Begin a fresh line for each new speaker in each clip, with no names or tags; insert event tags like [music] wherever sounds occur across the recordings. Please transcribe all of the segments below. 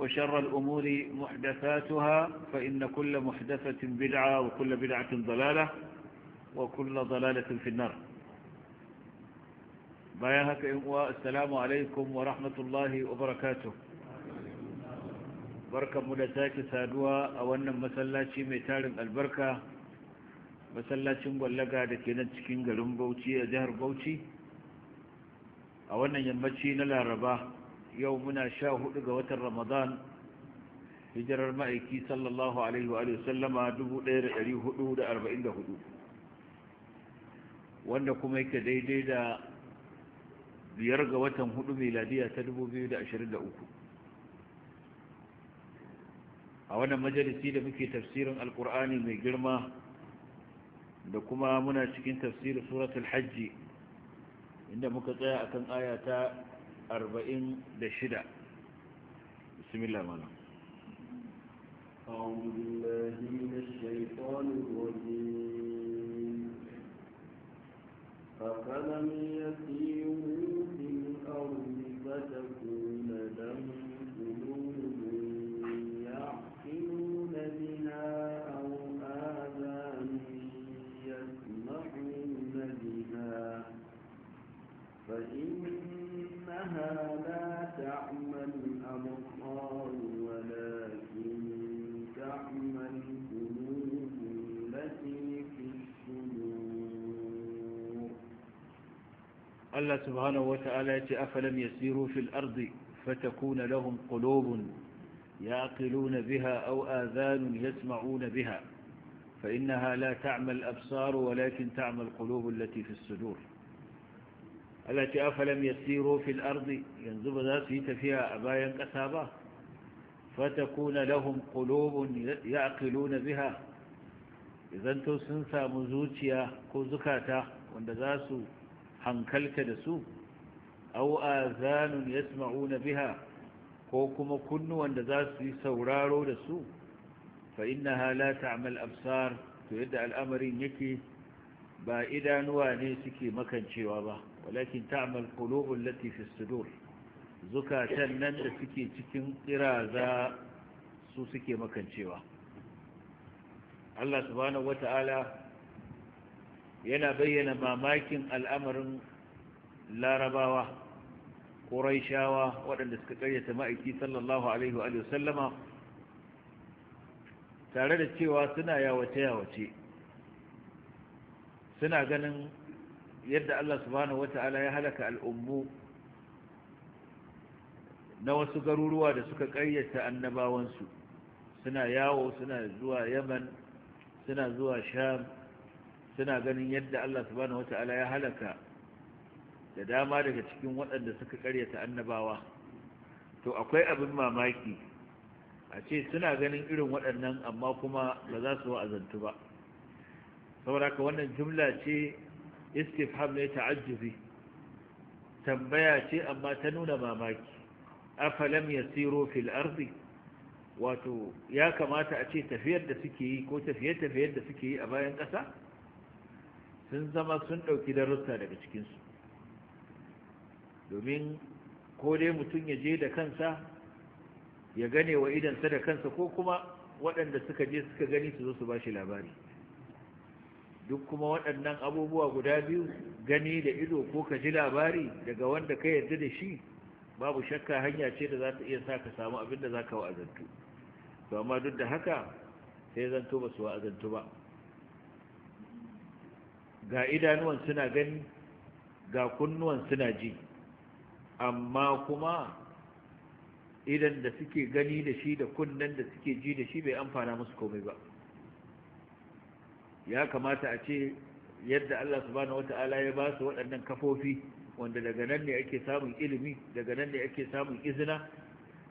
وشر الأمور محدثاتها فإن كل محدثة بدعة وكل بدعة ضلالة وكل ضلالة في النار بياهك السلام عليكم ورحمة الله وبركاته بركة ملتاك سادوا أولا مسلاتي ميتارم البركة مسلاتي مولغا لكينا تكين قلوم بوتي أزهر بوتي أولا يمتي نلا رباه yau muna sha hudu ga watan ramadan hijirar ma'aiki sallallahu alaihi wa sallama 1444 wanda kuma yake daidai da biyar ga watan hudu meladiya ta 2023 a wannan majalisi da muke tafsirin alkur'ani mai girma da kuma muna cikin tafsirin suratul hajji inda muka tsaya akan aya ta arba'in da shida bismillah
mana فكان من يتيم
Allah subhanahu wata'ala ya ce afalam yasiru fil ardi fatakuna lahum qulubun yaqiluna biha aw adhanun yasma'una biha fa innaha la ta'mal absar walakin ta'mal qulub allati fi as-sudur Allah ce afalam yasiru fil ardi yanzu ba za su yi tafiya a bayan ƙasa ba fatakuna lahum qulubun yaqiluna biha idan to sun samu zuciya ko zukata wanda za su Hankalka da su au azanun yasma'una biha ko kuma kunnuwan da za su yi sauraro da su fa innaha la ta'mal absar to yadda al'amarin yake ba idanuwa ne suke makancewa ba walakin ta'mal qulubul lati fi sudur zukatan nan da suke cikin kiraza su suke makancewa Allah subhanahu wata'ala yana bayyana mamakin al'amarin larabawa ƙuraishawa waɗanda suka ƙaryata ma'aiki sallallahu alaihi wa sallama tare da cewa suna yawace-yawace suna ganin yadda Allah subhanahu wata'ala ya halaka al'ummu na wasu garuruwa da suka ƙaryata annabawansu suna yawo suna zuwa yaman suna zuwa sham suna ganin yadda Allah subhanahu wata'ala ya halaka da dama daga cikin waɗanda suka karyata annabawa to akwai abin mamaki a ce suna ganin irin waɗannan amma kuma ba za su wa'azantu ba sauraka wannan jumla ce istifham ne ta'ajjubi tambaya ce amma ta nuna mamaki afalam yasiru fil ardi wato ya kamata a ce tafiyar da suke yi ko tafiye-tafiyar da suke yi a bayan ƙasa sun zama sun ɗauki darussa daga cikinsu domin ko dai mutum ya je da kansa ya gane wa idansa da kansa ko kuma waɗanda suka je suka gani su zo su ba shi labari duk kuma waɗannan abubuwa guda biyu gani da ido ko ka ji labari daga wanda ka yarda da shi babu shakka hanya ce da za ta iya sa ka samu abin da za ka wa'azantu to amma duk da haka sai zanto ba su wa'azantu ba ga idanuwan suna gani ga kunnuwan suna ji amma kuma idan da suke gani da shi da kunnen da suke ji da shi bai amfana musu komai ba ya kamata a ce yadda Allah subhanahu wata'ala ya ba su waɗannan kafofi wanda daga nan ne ake samun ilimi daga nan ne ake samun izina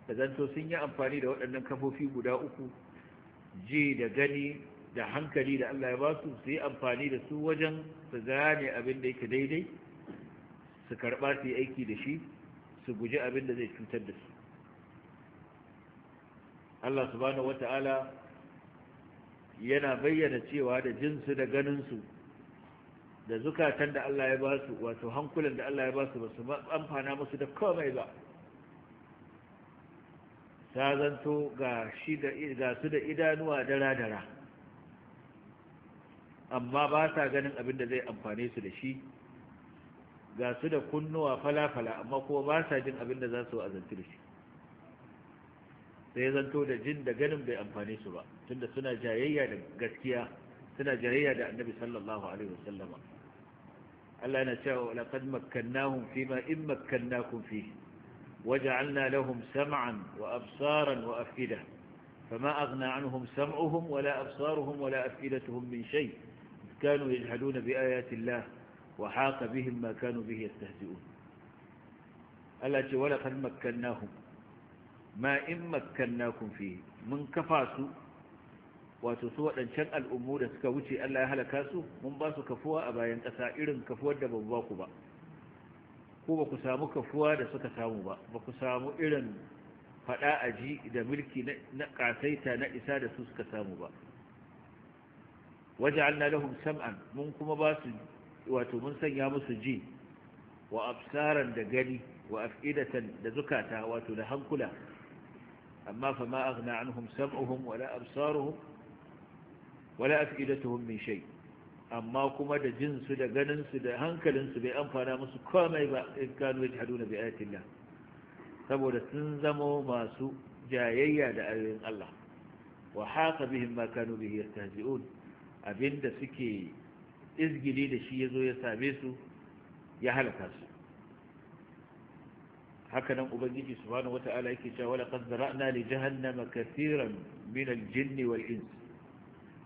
da zanto sun yi amfani da waɗannan kafofi guda uku ji da gani da hankali da Allah ya ba su su yi amfani da su wajen su gane abin da yake daidai su karɓa su yi aiki da shi su guji abin da zai cutar da su Allah subhanahu wata'ala yana bayyana cewa da jinsu da ganinsu da zukatan da Allah ya ba su wato hankulan da Allah ya ba su ba su amfana musu da komai ba ta zanto ga su da idanuwa dara-dara amma ba sa ganin abin da zai amfane su da shi ga su da kunnuwa falafala amma kuma ba sa jin abin da za su azantu da shi sai zanto da jin da ganin bai amfane su ba tunda suna jayayya da gaskiya suna jayayya da annabi sallallahu alaihi wasallama Allah yana cewa laqad makkannahum ma in makkannakum fihi waja'alna lahum sam'an wa absaran wa afida fama aghna anhum sam'uhum wala absaruhum wala afidatuhum min shay' كانوا يجحدون بآيات الله وحاق بهم ما كانوا به يستهزئون التي ولقد مكناهم ما إن مكناكم فيه من كفاسوا وتسوى لنشان الأمور سكوتي ألا أهل كاسوا من باسوا كفوها أبا ينتسائر كفوها دبواكوا با ko ba ku samu kafuwa da suka samu ba ba ku samu irin faɗa aji da mulki na ƙasaita na isa da su suka samu ba waja'alna lahum sam'an mun kuma ba su wato mun sanya musu ji wa absaran da gani wa af'idatan da zukata wato da hankula amma fa ma aghna anhum sam'uhum wala absaruhum wala af'idatuhum min shay amma kuma da jin su da ganin su da hankalin su bai amfana musu komai ba in kanu yajhaduna bi ayatillah saboda sun zama masu jayayya da ayoyin Allah wa haqa bihim ma kanu bihi yastahzi'un abinda suke izgili da shi ya zo ya same su ya halaka su haka nan ubangiji subhanahu wata'ala yake cewa wala qad zara'na li jahannama kaseeran min al-jinn wal ins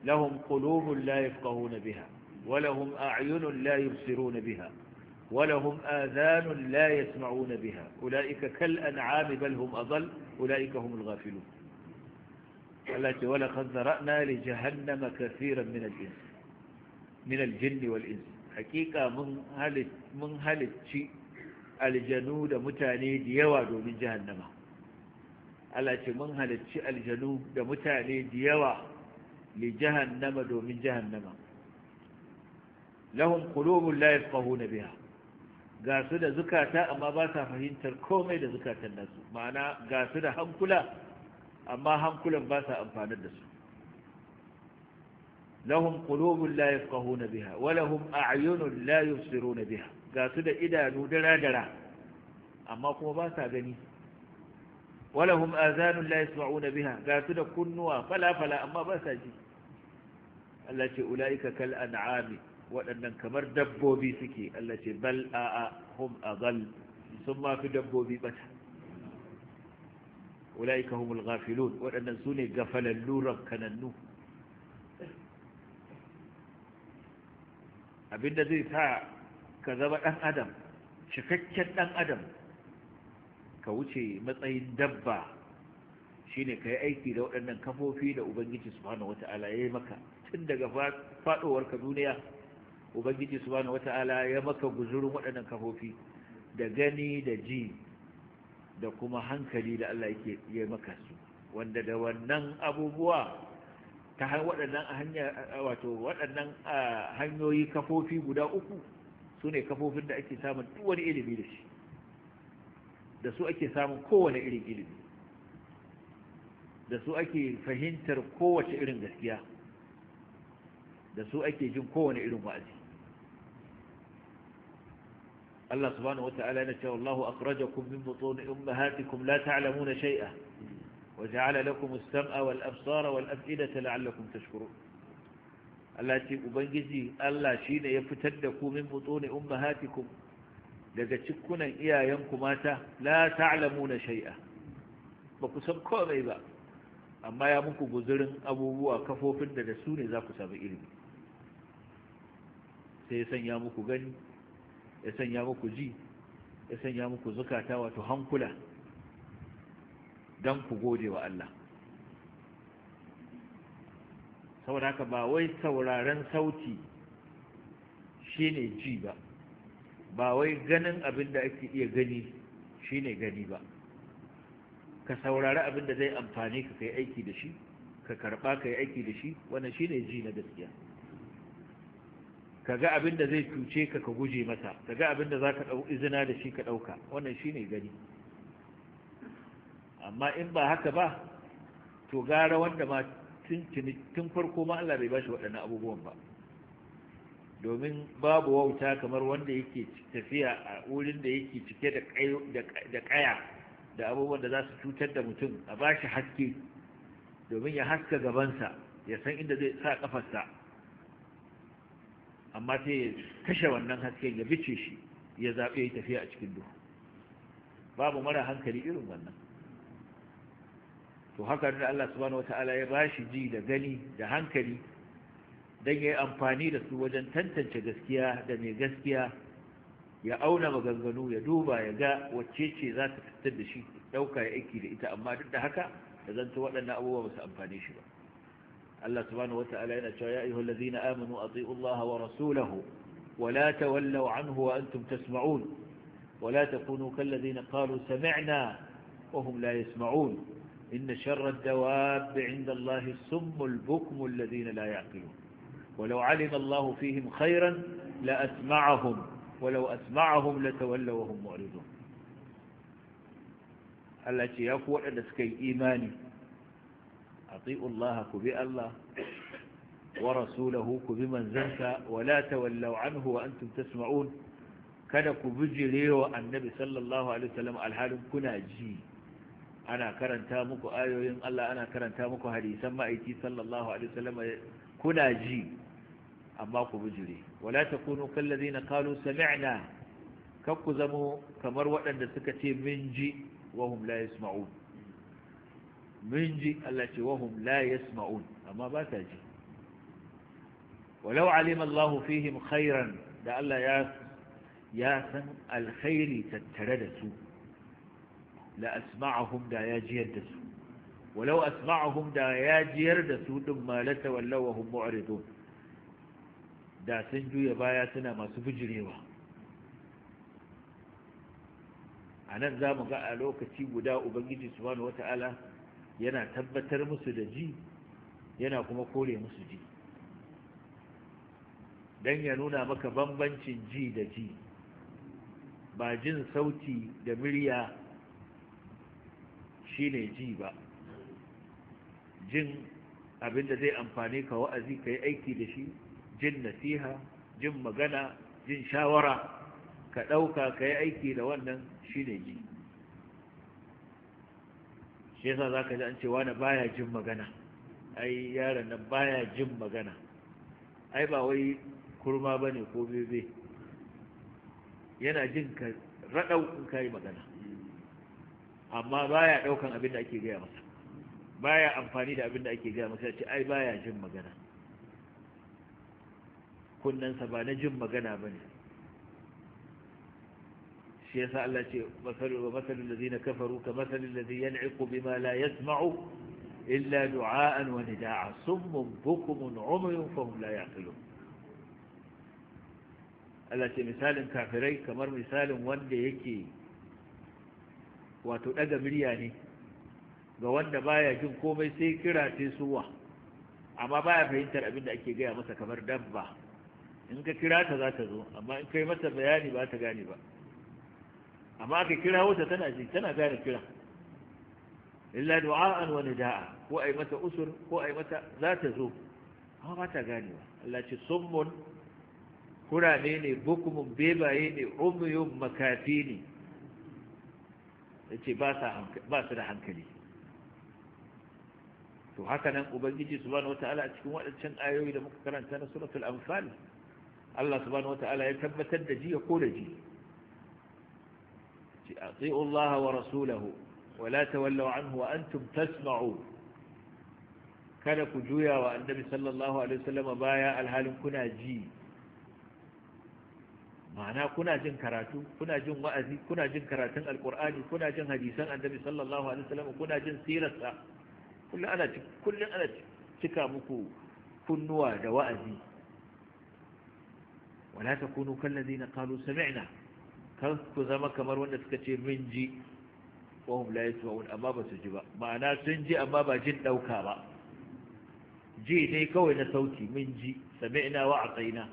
lahum qulubun la yafqahuna biha wa lahum a'yunun la yubsiruna biha ولهم آذان لا يسمعون بها أولئك كالأنعام بل هم أضل أولئك هم الغافلون Allah ce wala kan zara'na li jahannama kaseeran min al-ins min al-jinn wal ins hakika mun halicci aljanu da mutane da yawa domin jahannama Allah ce mun halicci aljanu da biha ga su da zukata amma ba sa fahimtar komai da zukatan nasu ma'ana ga su da hankula amma hankulan ba sa amfanar da su lahum qulubun la yafqahuna biha wa lahum a'yunun la yubsiruna biha ga su da idanu dara dara amma kuma ba sa gani wa lahum azanun la yasma'una biha ga su da kunnuwa fala fala amma ba sa ji Allah ce ula'ika kal an'ami waɗannan kamar dabbobi suke Allah ce bal a'a hum gal sun ma fi dabbobi bata ulaika humul ghafilun waɗannan su ne gafalallu rakkanannu abinda zai sa ka zama ɗan adam cikakken ɗan adam ka wuce matsayin dabba shine ka aiki da waɗannan kafofi da ubangiji subhanahu wata'ala ya maka tun daga ka duniya ubangiji subhanahu wata'ala ya maka guzurun waɗannan kafofi da gani da ji da kuma hankali da Allah yake yi maka su wanda da wannan abubuwa ta waɗannan hanya wato waɗannan hanyoyi kafofi guda uku su ne kafofin da ake samun duk wani ilimi da shi da su ake samun kowane irin ilimi da su ake fahimtar kowace irin gaskiya da su ake jin kowane irin wa'azi Allah subhanahu wataala yana cewa Allahu akhrajakum min butun ummahatikum la ta'lamuna shay'a waja'ala lakum as-sam'a wal absara wal la'allakum tashkurun Allah ce ubangiji Allah shine ya fitar da ku min butun ummahatikum daga cikunan iyayenku mata la ta'lamuna shai'a ba ku san komai ba amma ya muku guzurin abubuwa kafofin da da su ne za ku sami ilimi sai ya sanya muku gani ya sanya muku ji ya sanya muku zukata wato hankula don ku gode wa Allah saboda haka ba wai sauraren sauti shine ji ba ba wai ganin abin da ake iya gani shine gani ba ka saurari abin da zai amfani ka kai aiki da shi ka karba ka yi aiki da shi wannan shine ji na gaskiya ka ga abin da zai cuce ka ka guje masa ka ga abin da za ka izina da shi ka ɗauka wannan shi ne gani amma in ba haka ba to gara wanda ma tun farko ma Allah bai ba shi waɗannan abubuwan ba domin babu wauta kamar wanda yake tafiya a wurin da yake cike da kaya da abubuwan da za su cutar da mutum a bashi shi haske domin ya haska gabansa ya san inda zai sa kafarsa amma sai ya kashe wannan hasken ya bice shi ya zaɓe ya tafiya a cikin duhu babu mara hankali irin wannan to haka da Allah subhanahu wata'ala ya ba shi ji da gani da hankali don ya yi amfani da su wajen tantance gaskiya da mai gaskiya ya auna maganganu ya duba ya ga wacce ce za ta fitar da shi ɗauka ya aiki da ita amma duk da haka da zanta waɗannan abubuwa ba su amfane shi ba الله سبحانه وتعالى يا أيها الذين آمنوا اطيعوا الله ورسوله ولا تولوا عنه وأنتم تسمعون ولا تكونوا كالذين قالوا سمعنا وهم لا يسمعون إن شر الدواب عند الله السم البكم الذين لا يعقلون ولو علم الله فيهم خيرا لأسمعهم ولو أسمعهم لتولوا وهم معرضون التي يقول لسكي إيماني أطيئوا الله كبئ الله ورسوله كبئ من زنك ولا تولوا عنه وأنتم تسمعون kada ku bijire wa annabi sallallahu alaihi wasallam alhalin kuna ji ana karanta muku ayoyin Allah ana karanta muku hadisan ma'aiki sallallahu alaihi wasallam kuna ji amma ku bijire wala takunu kal ladina qalu sami'na kakku zamo kamar waɗanda suka ce min ji mun ji Allah ce wahum la yasma'un amma ba ta ji walau alima Allah fihim khairan da Allah ya ya san alkhairi tattare da su la asma'ahum da ya jiyar da su walau asma'ahum da ya jiyar da su din ma la tawallaw wa hum mu'ridun da sun juya baya suna masu bijirewa a nan za mu ga a lokaci guda ubangiji subhanahu wata'ala yana tabbatar musu da ji yana kuma kore musu ji Dan ya nuna maka bambancin ji da ji ba jin sauti da murya shine ji ba jin abinda zai amfani ka wa'azi ka yi aiki da shi jin nasiha jin magana jin shawara ka ɗauka ka yi aiki da wannan shine ji yasa za ka ji an ce wani baya jin magana ai yaron nan baya jin magana ai ba wai kurma ba ne ko bebe yana jin ka raɗau in ka yi magana amma baya ɗaukan abin da ake gaya masa baya amfani da abin da ake gaya masa ce ai baya jin magana kunnansa ba na jin magana ba ne shi yasa Allah ce masalul wa masalul ladina kafaru ka masalul ladhi yan'iqu bima la yasma'u illa du'a'an wa nida'a summun bukumun fa fahum la yaqilun Allah ce misalin kafirai kamar misalin wanda yake wato daga murya ne ga wanda baya jin komai sai kira ce suwa amma baya fahimtar abin da ake gaya masa kamar dabba in ka kira ta za ta zo amma in kai mata bayani ba ta gane ba amma aka kira wata tana ji tana gane kira illa du'a'an wa nida'a ko ai mata usur ko ai mata za ta zo amma ba ta gane ba. Allah ce summun kurane ne bukumun bebaye ne umyun makafi ne yace ba su da hankali to haka nan ubangiji subhanahu wataala a cikin waɗancan ayoyi da muka karanta na suratul anfal Allah subhanahu wataala ya tabbatar da ji ko da ji أطيعوا الله ورسوله ولا تولوا عنه وأنتم تسمعون kada ku juya wa annabi sallallahu alaihi wasallam baya alhalin kuna ji ma'ana kuna jin karatu kuna jin wa'azi kuna jin karatun alqur'ani kuna jin hadisan annabi sallallahu alaihi wasallam kuna jin sirarsa kullun ana cika muku kunnuwa da wa'azi wala takunu na qalu Kar ku zama kamar wanda suka ce min ji wahum la yasma'un amma ba su ji ba ma'ana sun ji amma ba jin ɗauka ba ji dai kawai na sauti min ji sami'na wa atayna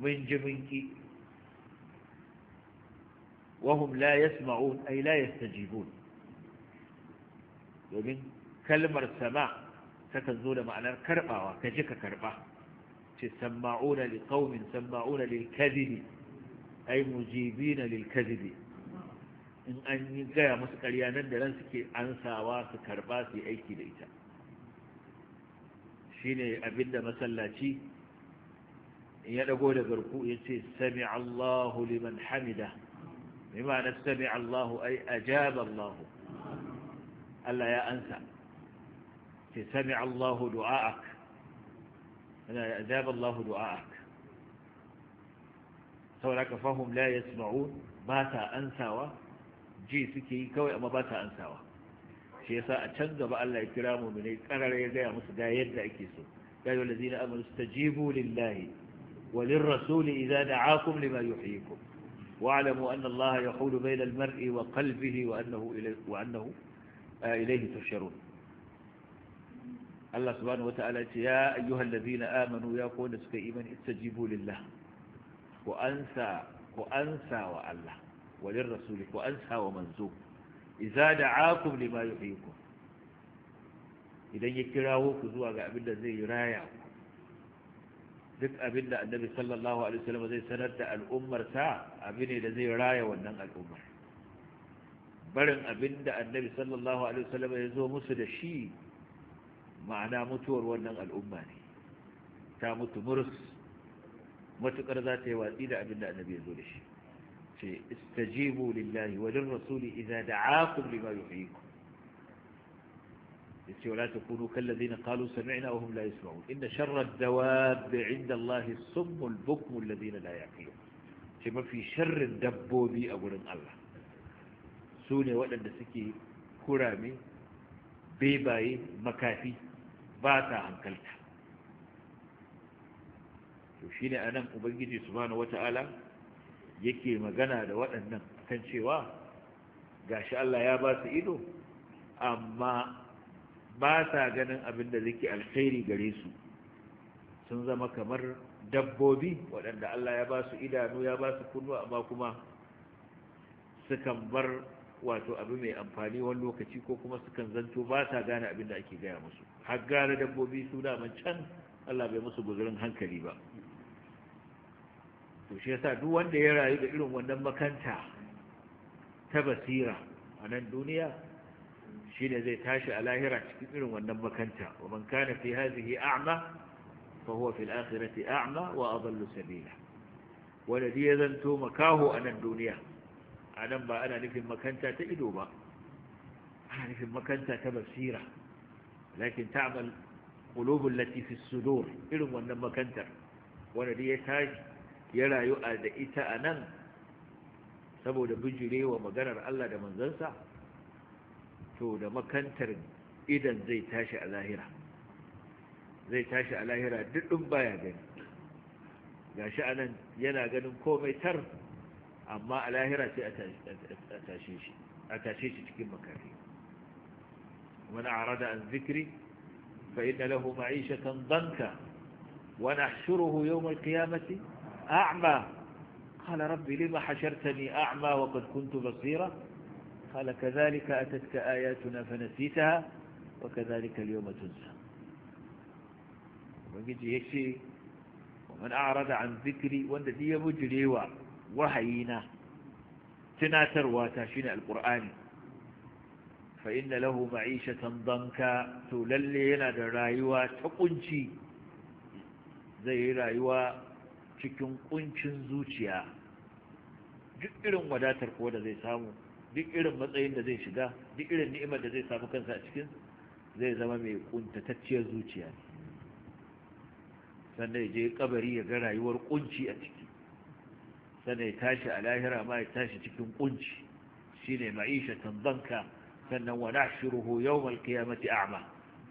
min ji min ki wahum la yasma'un ay la jibun. domin kalmar sama takan zo da ma'anar karbawa ka ji ka karba ce sama'una liqaumin sama'una lilkadhibi ai mujibina lil kadhibi in an yi gaya masu ƙarya nan da nan suke ansawa su karba su aiki da ita shine abinda masallaci in ya dago da garku ya ce sami Allahu liman hamida bima na sami Allahu ai ajaba Allahu Allah ya ansa ce sami Allahu du'a'ak ajaba Allahu du'a'ak sauraka fahum la yasma'un ba ta ansawa ji suke yi kawai amma ba ta ansawa shi ya sa a can gaba Allah ya kira mu ne karara ya gaya musu ga yadda ake so ya yi walazi na amur stajibu lillahi walin rasuli idza da'akum lima yuhyikum wa'lamu anna Allah yahulu bayna al-mar'i wa kalbihi wa annahu ilayhi wa annahu uh, ilayhi tushrun Allah subhanahu wata'ala ce ya ayyuhal ladina amanu ya ku wanda suka imani istajibu lillahi ku ansa ku ansa wa Allah walin rasuli ku ansa wa manzo idza da'akum lima yuhyikum idan ya kirawo ku zuwa ga abin da zai raya ku duk abin da annabi sallallahu alaihi wasallam zai sanar da al'ummarsa abin ne da zai raya wannan al'ummar barin abin da annabi sallallahu alaihi wasallam ya zo musu da shi ma'ana mutuwar wannan al'umma ne ta mutu murus matukar za ta yi watsi da abin da annabi ya zo da shi ce istajibu lillahi wa lir rasuli idza da'akum lima yuhyikum yace wala takunu kal ladina qalu sami'na wa hum la yasma'un inna sharra ad-dawab 'inda Allah as-summu al-bukmu alladhina la yaqilun ce mafi sharrin dabbobi a gurin Allah su ne waɗanda suke kurame bebaye makafi ba ta hankalta to shine anan ubangiji subhanahu wata'ala yake magana da waɗannan kan cewa gashi Allah ya ba su ido amma ba sa ganin abin da zai alkhairi gare su sun zama kamar dabbobi waɗanda Allah ya ba su idanu ya ba su kunu, amma kuma su kan bar wato abu mai amfani wani lokaci ko kuma su kan zanto ba sa gane abin da ake gaya musu har gane dabbobi su daman can Allah bai musu guzurin hankali ba to shi yasa duk wanda ya rayu da irin wannan makanta ta basira a nan duniya shi ne zai tashi a lahira cikin irin wannan makanta wa man kana fi hazihi a'ma fa huwa fil akhirati a'ma wa adallu sabila wanda ya zanto makaho a nan duniya a nan ba ana nufin makanta ta ido ba ana nufin makanta ta basira lakin ta'mal qulubul lati fi sudur irin wannan makantar wanda ya tashi ya rayu a da ita a nan saboda bijire wa maganar Allah da manzansa to da makantar idan zai tashi a lahira zai tashi a lahira duɗin baya gani ga shi a nan yana ganin komai tar amma a lahira sai a tashe shi cikin makari wani arada an zikiri fa inna lahu ma'ishatan danka wa nahshuruhu yawm al-qiyamati أعمى قال ربي لما حشرتني أعمى وقد كنت بصيرا قال كذلك أتتك آياتنا فنسيتها وكذلك اليوم تنسى ومجي يشي ومن أعرض عن ذكري والذي يمجري وحيينا تناتر واتاشين القرآن فإن له معيشة ضنكا الليلة درايوة تقنشي زي رايوة cikin kuncin zuciya duk irin wadatar ko da zai samu duk irin matsayin da zai shiga duk irin ni'imar da zai samu kansa a cikin zai zama mai kuntatacciyar zuciya sannan ya je kabari ya ga rayuwar kunci a ciki sannan ya tashi a lahira ma ya tashi cikin kunci shine ma'ishatan banka sannan wa yau yawmal qiyamati a'ma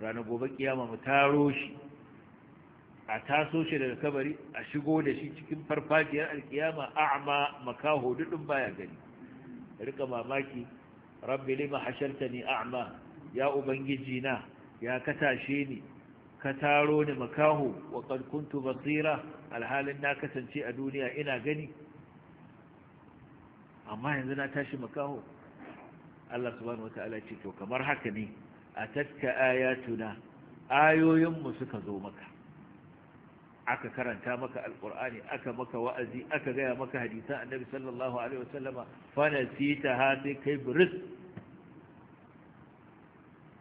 ranar gobe kiyama mu taro shi a taso shi daga kabari a shigo da shi cikin farfajiyar alkiyama a'ma makaho dudun baya gani rika mamaki rabbi lima hashartani a'ma ya ubangiji na ya katashe ni ka taro ni makaho wa qad basira alhalin na kasance a duniya ina gani amma yanzu na tashi makaho Allah subhanahu wataala ce to kamar haka ne atatka ayatuna ayoyin mu suka zo maka aka karanta maka Alƙur'ani, aka maka wa'azi aka gaya maka hadisan annabi sallallahu alaihi wasallama fa ha sai kai buris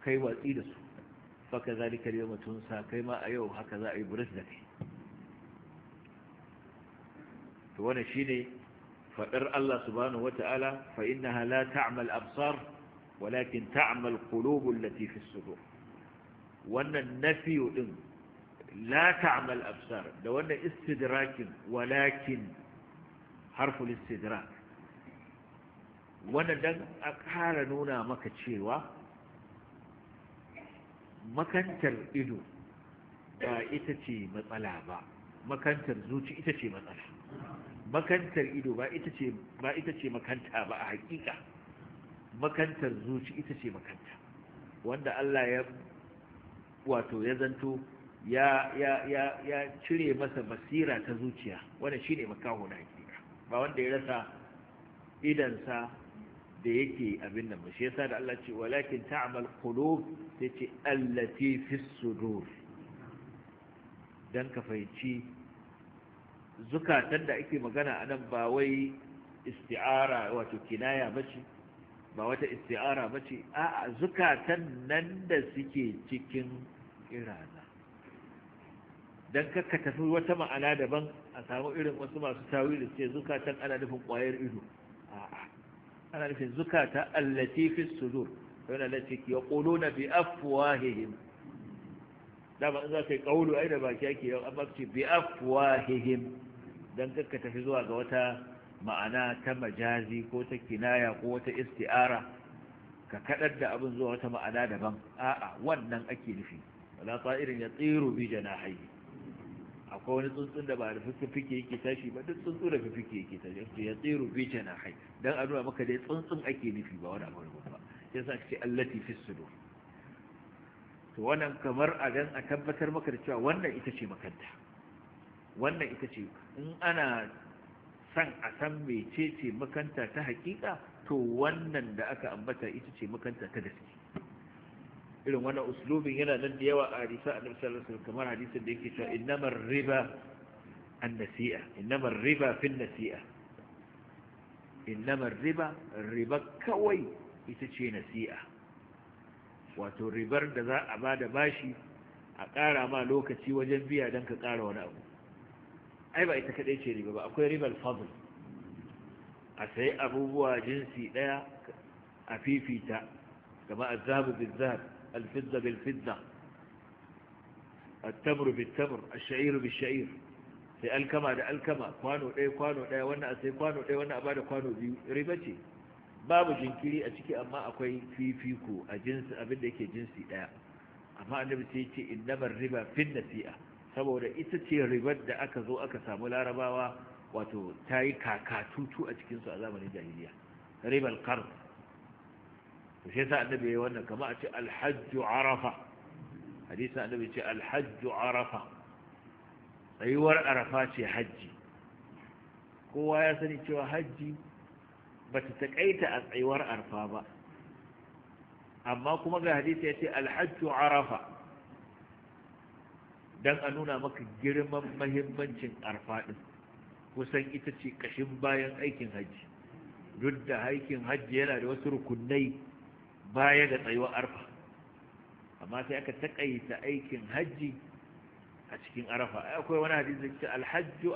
kai watsi da su fa kazalika al-yawma sa, kai ma a yau haka za a yi buris da kai to shi shine faɗar Allah subhanahu wata'ala fa innaha la ta'mal absar walakin ta'amal qulubul lati sudur wannan nafiyu din la ta'mal absar da wannan istidrakin walakin harful istidrak wannan dan a ƙara nuna maka cewa makantar ido ba ita ce matsala ba makantar zuci ita ce matsala makantar ido ba ita ce ba ita ce makanta ba a hakika makantar zuci ita ce makanta wanda Allah ya wato ya zanto ya cire masa basira ta zuciya wanda shine makaho na hakika ba wanda ya rasa idansa da yake abin nan ba shi yasa da Allah ce walakin ta'mal qulub Ta ce allati fi sudur dan ka fahimci zukatan da ake magana a nan. ba wai isti'ara wato kinaya bace ba wata isti'ara bace a'a zukatan nan da suke cikin irana don kaka tafi wata ma'ana daban a samu irin wasu masu tawili ce zukatan ana nufin ƙwayar ido ana nufin zukata allati su sudur yana da ciki ya ƙolo na bi afwahihim dama in za ka yi ai da baki ake yau amma ce bi afwahihim don kakka tafi zuwa ga wata ma'ana ta majazi ko ta kinaya ko wata isti'ara ka kaɗar da abin zuwa wata ma'ana daban a'a wannan ake nufi wala irin ya tsiru bi janahihi akwai wani tsuntsun da ba da fifike yake tashi ba duk tsuntsu da fifike yake tashi to ya tsiru bi na hai don a nuna maka dai tsuntsun ake nufi ba wani abu ba ya sa ce allati fi sudur to wannan kamar a gan a tabbatar maka da cewa wannan ita ce makanta wannan ita ce in ana san a san mecece makanta ta hakika to wannan da aka ambata ita ce makanta ta gaske irin wannan uslubin yana nan da yawa a hadisa a nan sallallahu kamar hadisin da yake cewa innamar riba an nasi'a innamar riba fin nasi'a innamar riba riba kawai ita ce nasi'a wato ribar da za a bada bashi a ƙara ma lokaci wajen biya don ka ƙara wani abu ai ba ita kaɗai ce riba ba akwai ribar fabul. a sayi abubuwa jinsi ɗaya a fifita gama azabu bizar الفضة بالفضة التمر بالتمر الشعير بالشعير sai alkama da alkama kwano ɗaya kwano ɗaya wannan a sai kwano ɗaya wannan a bada kwano biyu riba ce babu jinkiri a ciki amma akwai fifiko a abin da yake jinsi ɗaya amma annabi sai ce innamar riba fin nasi'a saboda ita ce ribar da aka zo aka samu larabawa wato ta yi kakatutu a cikinsu a zamanin jahiliya Ribar kar. to shi yasa annabi yayi wannan kamar a ce alhajju arafa hadisi annabi ce alhajju arafa tsayuwar arafa ce hajji kowa ya sani cewa hajji ba ta a tsayuwar arafa ba amma kuma ga hadisi ya ce alhajju arafa don a nuna maka girman mahimmancin arfa ɗin kusan ita ce ƙashin bayan aikin hajji duk da aikin hajji yana da wasu rukunai baya ga tsayuwar arfa amma sai aka takaita aikin hajji a cikin arafa akwai wani hadisi da ce alhajju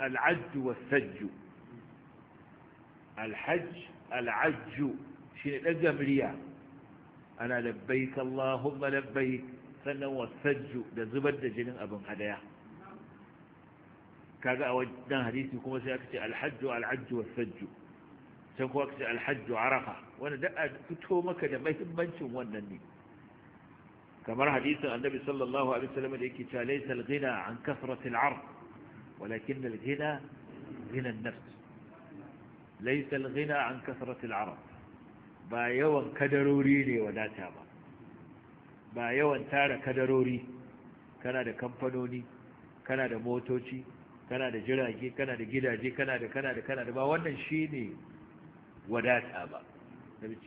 al'ajju wasajju alhajj al'ajju shi ne ɗan gamriya ana sannan wasajju da zubar da jinin abin hadaya kaga a wajen hadisi kuma sai aka ce alhajju al'ajju Sajju. can kuwa ka ce alhajju arafa wanda da a fito maka da mahimmancin wannan ne kamar hadisin annabi sallallahu alaihi wasallam da yake cewa laysa al-ghina an kasrati al-'arf walakin al-ghina ghina an-nafs laysa al-ghina an kasrati al-'arf ba yawan kadarori ne wadata ba ba yawan tara kadarori kana da kamfanoni kana da motoci kana da jirage kana da gidaje kana da kana da kana da ba wannan shine ودات آبا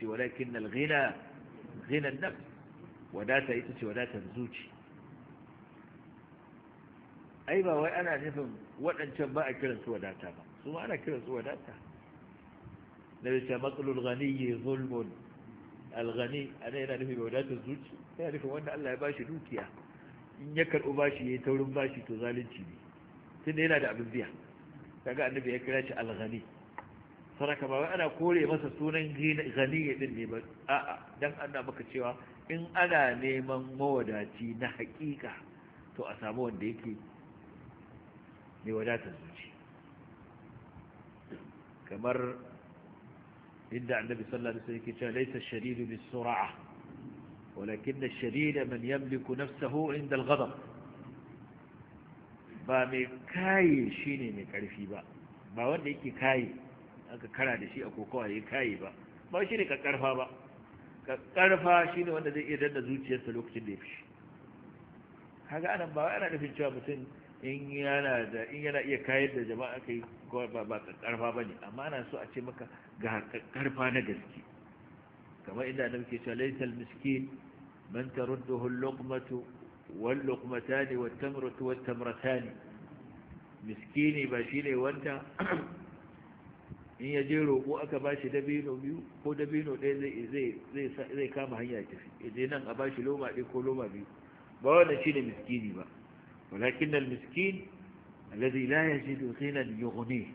ولكن الغنى غنى النفس ودات إتسي ودات الزوجي أي أيوة، ما وأنا نفهم وأن شماء كلمة ودات آبا ثم أنا كلمة ودات نبي سمقل الغني ظلم الغني أنا هنا نفهم ودات الزوجي يعني فوانا الله يباشي نوكيا إن يكر أباشي يتولم باشي تظالنتي تنين هذا أبن بيها فقال النبي أكلاش الغني saraka ba ana kore masa sunan ganiye din ne ba a'a dan ana maka cewa in ana neman mawadaci na hakika to a samu wanda yake mai wadatar zuci kamar inda annabi sallallahu alaihi wasallam yake cewa laysa shadidu bisur'a walakin ash-shadida man yamliku nafsahu inda al-ghadab ba mai kaye shine mai karfi ba ba wanda yake kaye aka kara da shi a kokowa ya kayi ba ba shi ne ka karfa ba ka shi ne wanda zai iya danna zuciyarsa lokacin da ya fi kaga anan ba ana nufin cewa mutum in yana yana iya kayar da jama'a kai ba ba ne amma ana so a ce maka ga karfa na gaske kamar inda annabi ke cewa laysal miskin man tarudduhu al-luqmatu wal luqmatani wat tamratu wat tamratani miskini ba ne wanda in ya je roƙo aka ba shi dabino biyu ko dabino ɗaya zai kama hanya tafi ya je nan a ba shi loma ɗaya ko loma biyu ba wanda shi ne miskini ba walakin nan miskin alladhi la yajidu ghinan yughni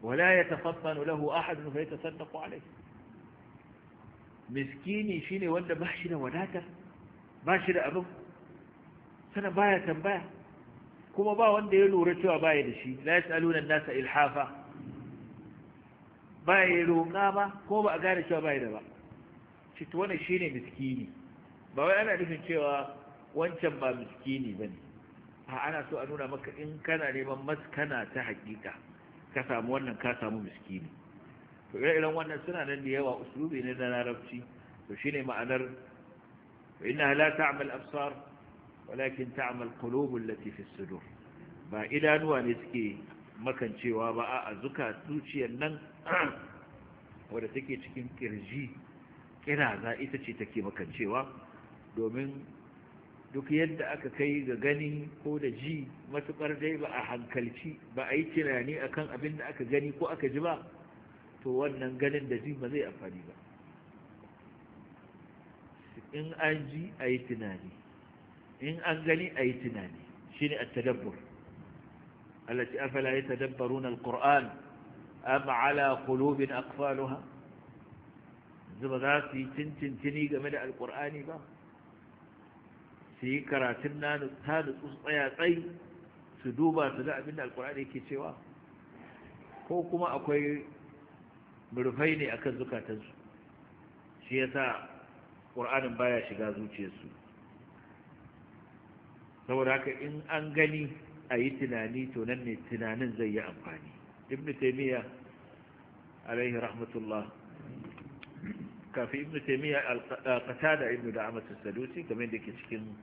wala yatafammanu lahu ahad fa yatasaddaqu alayh miskini shi ne wanda ba shi da wadatar ba shi da abin sana baya tambaya kuma ba wanda ya lura cewa baya da shi la yasaluna an-nasa ilhafa ba ya roƙa ba ko ba a gane cewa ba ya da ba shi wani shi ne miskini ba wai ana nufin cewa wancan ba miskini ba ne a ana so a nuna maka in kana neman maskana ta hakika ka samu wannan ka samu miskini to ire-iren wannan suna nan da yawa usulubi ne na larabci to ne ma'anar inna la ta'mal absar walakin ta'mal qulubul lati fi sudur ba idanuwa ne suke makancewa ba a zuka zuciyar nan [clears throat] wadda take cikin kirji kiraza ita ce take makancewa domin duk yadda aka kai ga gani ko da ji matukar dai ba a hankalci ba a yi tunani akan abin da aka gani ko aka ji ba to wannan ganin da ji ba zai amfani ba in an ji a yi tunani in an gani a yi tunani shi ne a tadabbur التي أفلا يتدبرون القرآن أم على قلوب أقفالها zuba za su yi cincintini game da alkur'ani ba su yi karatun ta da tsayatsai su duba su da abin da alkur'ani ke cewa ko kuma akwai murfai ne akan zukatansu shi ya sa ƙur'anin baya shiga zuciyarsu saboda haka in an gani a yi tunani to nan ne tunanin zai yi amfani ibn taimiyya alaihi rahmatullah kafin ibn taimiyya alƙata ibn da amatar sadusi game da ke cikin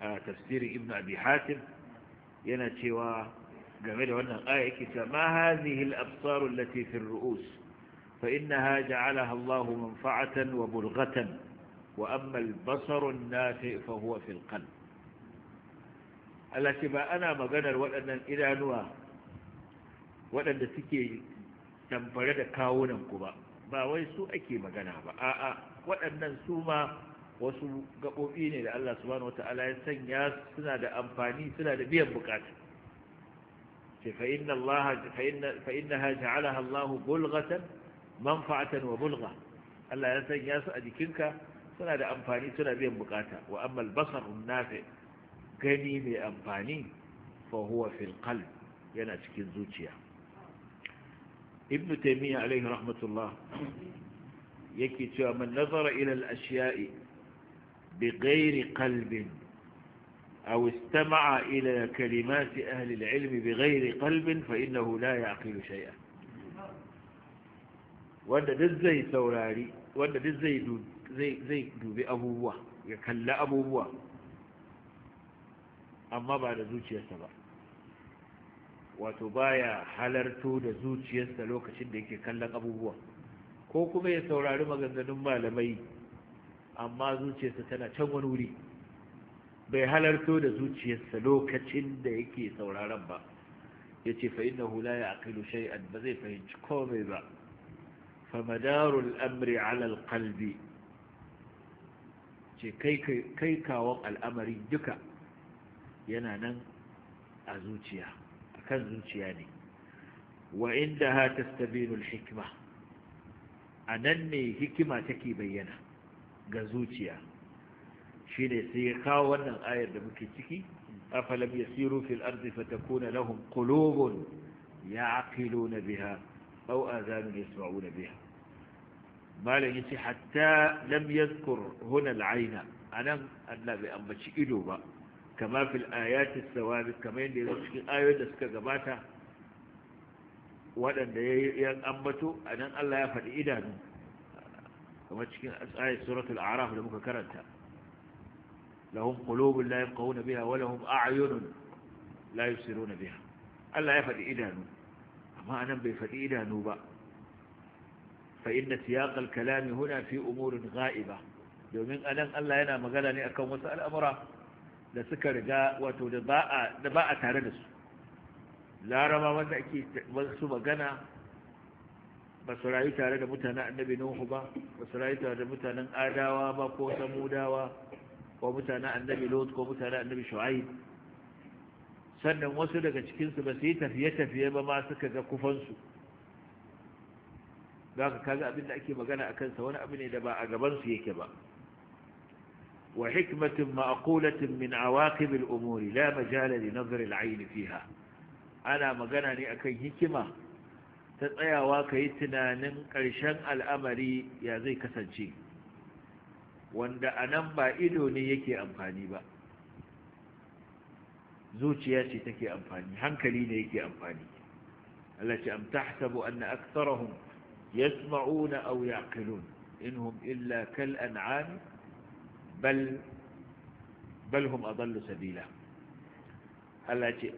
tafsirin ibn abi hatim yana cewa game da wannan aya yake cewa ma hadhihi al-absar allati fi ar-ru'us fa innaha ja'alaha Allah manfa'atan wa bulghatan wa amma al-basar an-nafi' fa huwa fi al-qalb Allah ce ba ana maganar waɗannan idanuwa waɗanda suke tambare da kawunan ku ba ba wai su ake magana ba a'a waɗannan su ma wasu gaɓoɓi ne da Allah subhanahu wata'ala ya sanya suna da amfani suna da biyan bukata ce fa inna Allah fa inna fa ja'alaha Allah bulghatan manfa'atan wa bulgha Allah ya sanya su a jikinka suna da amfani suna biyan bukata wa amma al-basar nafi' gani mai amfani fahuwa filkal yana cikin zuciya ibn taimiyya alaihi rahmatullah yake cewa man nazara ilal ashiya'i bi gairi kalbin أو استمع إلى كلمات أهل العلم بغير قلب فإنه لا يعقل شيئا wanda duk zai saurari wanda duk zai dubi abubuwa ya kalla abubuwa amma ba da zuciyarsa ba wato baya halarto da zuciyarsa lokacin da yake kallon abubuwa ko kuma ya saurari maganganun malamai amma zuciyarsa tana can wani wuri bai halarto da zuciyarsa lokacin da yake sauraron ba ya ce fa inna hula ya aqilu shay'an ba zai fahimci komai ba fa madarul amri ala kalbi. ce kai kawon al'amari duka yana nan a zuciya a kan zuciya ne wa inda ha tastabinul hikima a nan ne hikima take bayyana ga zuciya shi ne sai ya kawo wannan ayar da muke ciki afalam yasiru fil ardi fatakuna lahum qulubun ya'qiluna biha aw azanun yasma'una biha malam ce hatta lam yadhkur huna al a anan Allah bai ambaci ido ba kama fil ayatis sawabi kamar yadda yazo cikin ayoyin da suka gabata waɗanda ya yi ambato a nan Allah ya faɗi idanu kamar cikin ayat suratul a'raf da muka karanta lahum qulubun la yafqahuna biha wa lahum a'yunun la yusiruna biha Allah ya faɗi idanu amma anan bai faɗi idanu ba fa inna siyaqal kalami huna fi umurin ghaiba domin anan Allah yana magana ne akan wasu al'amura da suka riga wato da ba a tare da su laraba wanda ake su magana ba su rayu tare da mutanen annabi nuhu ba ba su rayu tare da mutanen adawa ba ko samudawa ko mutanen annabi lot ko mutanen annabi shu'aib sannan wasu daga cikinsu ba su yi tafiye-tafiye ba ma suka ga kufansu za ka kaga abin da ake magana a kansa wani abu ne da ba a gabansu yake ba وحكمة مأقولة من عواقب الأمور لا مجال لنظر العين فيها أنا مغانا لأكي هكما تطيعوا كيتنا ننقرشان الأمر يا زي كسنشي wanda a nan ba ido ne yake amfani ba zuciya ce take amfani hankali ne yake amfani Allah ce am tahsabu anna aktharahum yasma'una aw yaqilun illa kal an'am bal bal hum adallu sabila Allah ce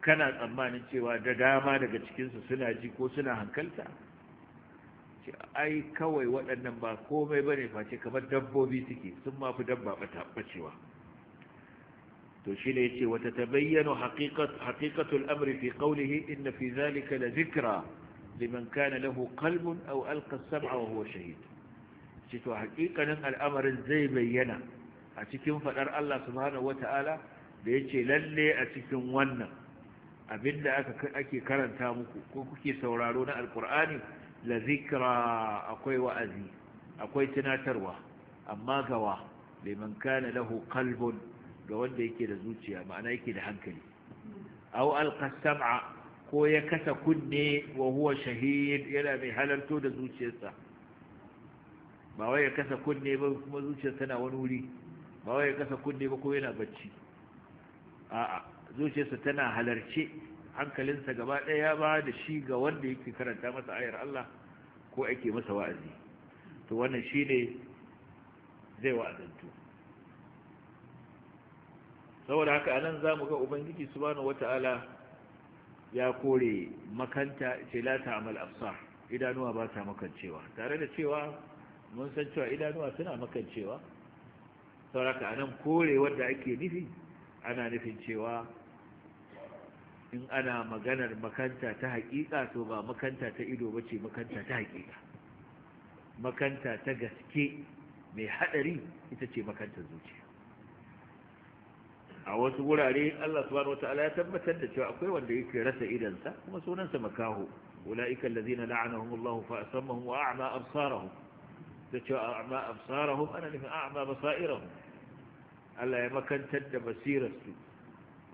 kana tsammanin cewa da dama daga cikinsu suna ji ko suna hankalta ce ai kawai waɗannan ba komai bane face kamar dabbobi suke sun ma fi dabba bacewa to shi ne yace wata tabayyana haqiqat haqiqatul amri fi qawlihi inna fi zalika la dhikra liman kana lahu qalbun aw alqa as-sam'a wa huwa shahid ce to haƙiƙanin al'amarin zai bayyana a cikin faɗar Allah subhanahu wata'ala da yace lalle a cikin wannan abinda aka ake karanta muku ko kuke sauraro na alkur'ani la zikra akwai wa'azi akwai tunatarwa amma gawa liman kana lahu qalbun ga wanda yake da zuciya ma'ana yake da hankali aw alqasama ko ya kasa kunne wa huwa shahid yana mai halarto da zuciyarsa ba wai ya kasa kunne ba kuma zuciyar tana wani wuri ba wai ya kasa kunne ba ko yana bacci a'a zuciyarsa tana halarce hankalinsa gaba ɗaya ba da shi ga wanda yake karanta masa ayar Allah ko ake masa wa'azi to wannan shi ne zai wa'azantu saboda haka anan mu ga ubangiji subhanahu wataala ya kore makanta ce la ta'mal absar idanuwa ba ta makancewa tare da cewa mun san cewa idanuwa suna makancewa sauraka a nan kore wadda ake nufi ana nufin cewa in ana maganar makanta ta haƙiƙa to ba makanta ta ido ba ce makanta ta haƙiƙa makanta ta gaske mai haɗari ita ce makanta zuciya a wasu wurare Allah subhanahu wata'ala ya tabbatar da cewa akwai wanda yake rasa idansa kuma sunansa makaho ulaika allazina la'anahumullahu fa asammahum wa a'ma absarahum da cewa a'ma absarahum ana nufin a'ma basairahum Allah ya makantar da basirarsu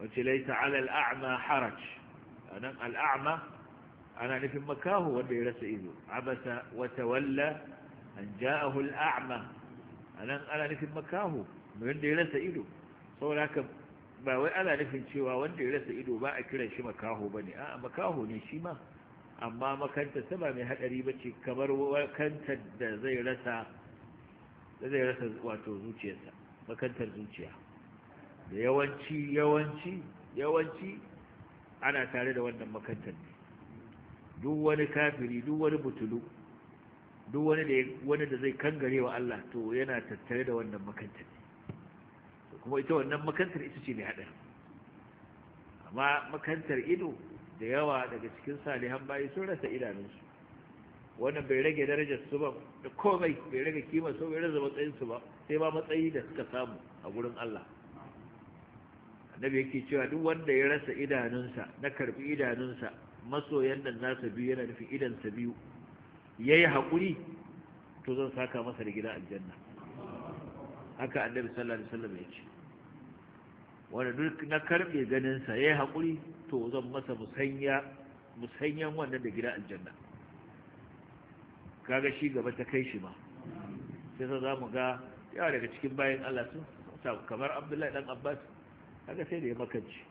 wace laita ala al'a'ma haraj anan al'a'ma ana nufin makahu wanda ya rasa ido abasa wa tawalla an ja'ahu al'a'ma anan ana nufin makahu wanda ya rasa ido saboda ba wai ana nufin cewa wanda ya rasa ido ba a kiran shi makaho bane a'a makaho ne shi ma amma makanta sama mai haɗari ba ce kamar makantar da zai rasa da zai rasa wato zuciyarsa makantar zuciya da yawanci yawanci yawanci ana tare da wannan makantar ne duk wani kafiri duk wani butulu duk wani da wani da zai kangare wa Allah to yana tattare da wannan makantar ne kuma ita wannan makantar ita ce mai haɗari amma makantar ido da yawa daga cikin salihan bayi sun rasa idanunsu wannan bai rage darajar su ba da komai bai rage kima su bai rage matsayin ba sai ba matsayi da suka samu a gurin Allah annabi yake cewa duk wanda ya rasa idanunsa na karbi idanunsa masoyan nan nasa biyu yana nufin idonsa biyu yayi hakuri to zan saka masa da gida aljanna haka annabi sallallahu alaihi wasallam ya ce wanda duk na karbe ganinsa ya yi haƙuri to zan masa musanyan wannan da gida aljanna kaga shi gaba ta kai shi ma sai sa za mu ga yawa daga cikin bayan Allah sun kamar abdullahi dan abbas kaga sai da ya makanci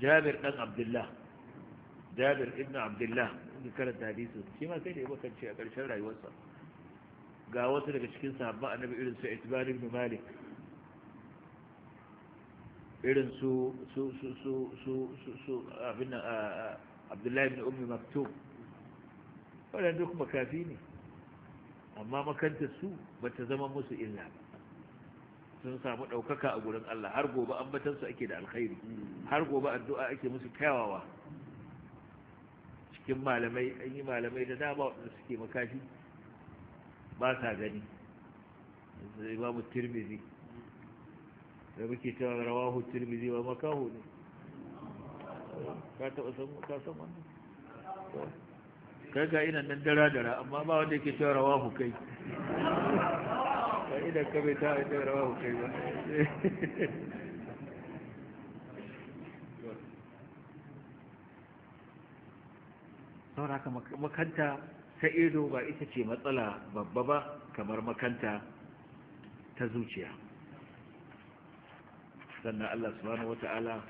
jabir dan abdullah jabir ibn abdullah in karanta hadisin shi ma sai da ya makanci a ƙarshen rayuwarsa ga wasu daga cikin sahabba annabi irin su itbar ibn malik irin su su su su su su su abin abdullahi bin ummi maktum wadanda duk makafi ne amma makanta su ba ta zama musu illa ba sun samu ɗaukaka a gurin Allah har gobe ambatansu ake da alkhairi har gobe addu'a ake musu kyawawa cikin malamai an yi malamai da dama wadanda suke makafi ba sa gani zai ba mu tirmizi da muke cewa rawahu tirmidhi ba makahu ne ka taba san ka san wannan kaga ina nan dara dara amma ba wanda yake cewa rawahu kai kai da kabe ta da rawahu kai ba saboda haka makanta ta ido ba ita ce matsala babba ba kamar makanta ta zuciya sannan Allah subhanahu wata'ala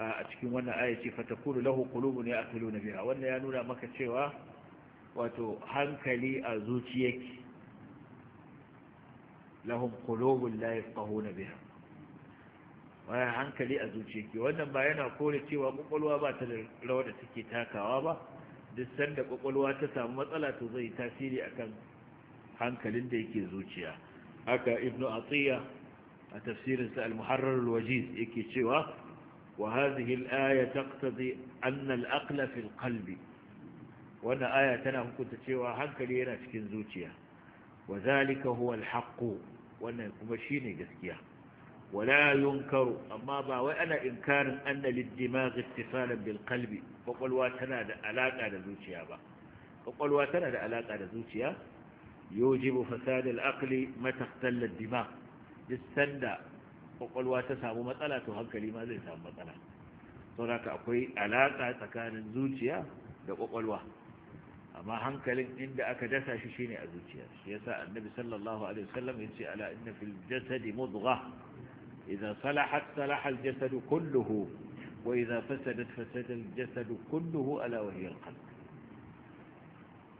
a cikin wannan aya ce fatakulu lahu qulubun ya'kuluna biha wannan ya nuna maka cewa wato hankali a zuciyarki, lahu lahum qulubun la yafqahuna biha waya hankali a zuciyarki. wannan ba yana kore cewa kokolwa ba ta da rawa da take takawa ba duk sanda kokolwa ta samu matsala to zai tasiri akan hankalin da yake zuciya haka ibnu atiya a tafsirinsa al-muharrar al-wajiz yake cewa wa hadhihi al-aya taqtadi an al-aql wannan aya tana hukunta cewa hankali yana cikin zuciya Wazalika huwal huwa wannan kuma shine gaskiya wala yunkaru amma ba wai ana inkarin anna lid-dimagh ittifalan bil-qalbi tana da alaka da zuciya ba Ƙwaƙwalwa tana da alaka da zuciya yujibu fasad al-aql ma taqtalla duk sanda kwakwalwa ta samu matsala to hankali ma zai samu matsala ka akwai alaƙa tsakanin zuciya da kwakwalwa amma hankalin inda aka dasa shi shi ne a zuciya shi yasa annabi sallallahu alaihi wasallam ce ala inna fil jasadi mudghah idza salahat salaha al jasadu kulluhu wa idza fasadat fasada al jasadu kulluhu ala wa hiya al qalb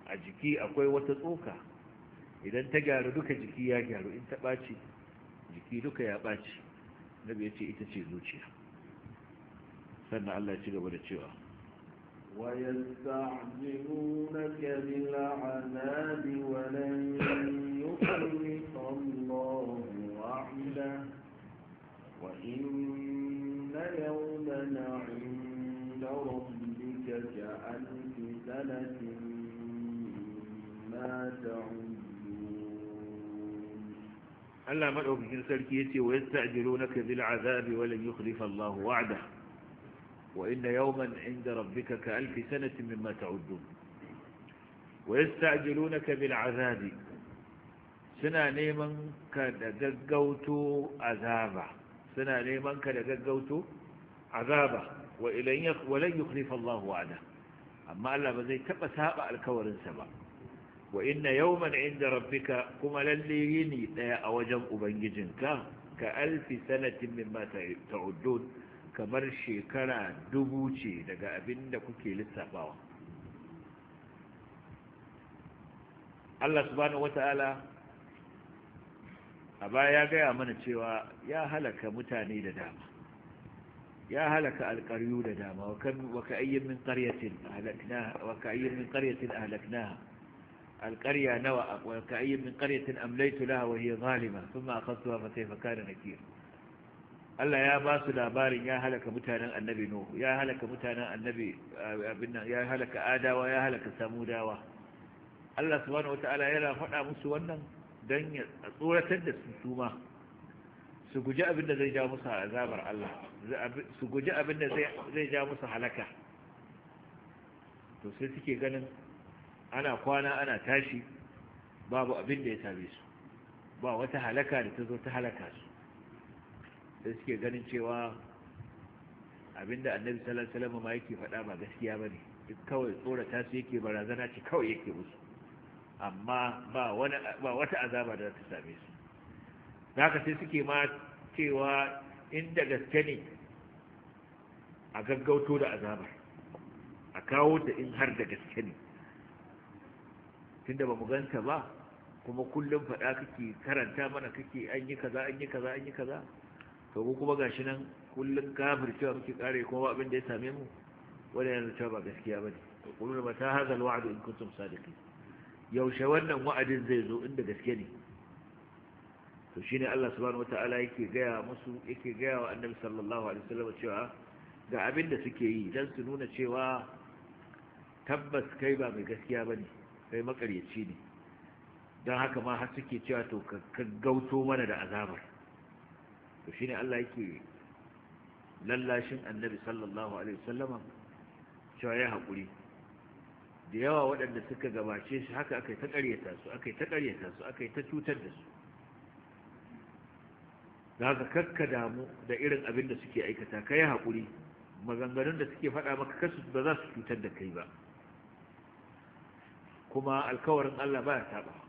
a jiki akwai wata tsoka idan ta gyaru duka jiki ya gyaru in ta ɓaci jiki duka ya ɓaci nabi ya ce ita ce zuciya sannan Allah ya ci gaba da cewa
ويستعجلونك بالعذاب ولن يُخْلِصَ الله وعده وإن يوما عند ربك كألف سنة مما تعود
Allah madaukakin sarki ya yace wa na bil azabi wa lan yukhlifa Allahu wa'ada wa inna yawman 'inda rabbika ka alfi sanatin mimma ta'uddun wa na bil azabi suna neman ka da gaggauto azaba suna neman ka da gaggauto azaba wa ilan yukhlifa Allahu wa'ada amma Allah ba zai taɓa saba alkawarinsa ba wa inna yawman inda rabbika kuma lalle yini daya a wajen ubangijinka ka alfi sanatin mimma ta'uddun kamar shekara dubu ce daga abin da kuke lissafawa Allah subhanahu wata'ala a baya ya gaya mana cewa ya halaka mutane da dama ya halaka alƙaryu da dama wa ka ayyin min ƙaryatin ahlaknaha alƙarya nawa a ƙayyin min ƙaryatin amlaitu laha wa hiya sun ma kasuwa fa sai faka da nakir Allah ya ba labarin ya halaka mutanen annabi ya halaka mutanen annabi ya halaka Adawa ya halaka Samudawa Allah yana faɗa musu wannan dan ya tsoratar da su suma su guji abinda zai ja musu azabar Allah su guji abinda zai ja musu halaka to sai suke ganin ana kwana ana tashi babu abin da ya same su ba wata halaka da ta zo ta halaka su da suke ganin cewa abinda annabi sallallahu ma yake faɗa ba gaskiya bane duk kawai tsorata su yake barazana ce kawai yake musu amma ba wata azaba da ta same su haka sai suke ma cewa inda gaske ne a gaggauto da azabar a kawo ta in har da gaske ne tunda ba mu ganta ba kuma kullum faɗa kake karanta mana kake an yi kaza an yi kaza an yi kaza to ko kuma gashi nan kullum kafir cewa muke kare kuma ba abin da ya same mu wanda yanzu cewa ba gaskiya bane to kullu ba ta hazal wa'd in kuntum sadiqin yaushe wannan wa'adin zai zo inda gaske ne to shine Allah subhanahu wata'ala yake gaya musu yake gaya wa annabi sallallahu alaihi wasallam cewa ga abin da suke yi dan su nuna cewa tabbas kai ba mai gaskiya ba ne. kai makaryaci ne don haka ma har suke cewa to ka gauto mana da azabar to ne Allah yake lallashin annabi sallallahu alaihi wasallama cewa ya haƙuri da yawa waɗanda suka gabace shi haka aka yi ta ƙaryata su aka yi ta ƙaryata su aka yi ta cutar da su da haka kakka damu da irin abin da suke aikata ka yi haƙuri maganganun da suke faɗa maka kasu ba za su cutar da kai ba kuma alkawarin Allah baya sabawa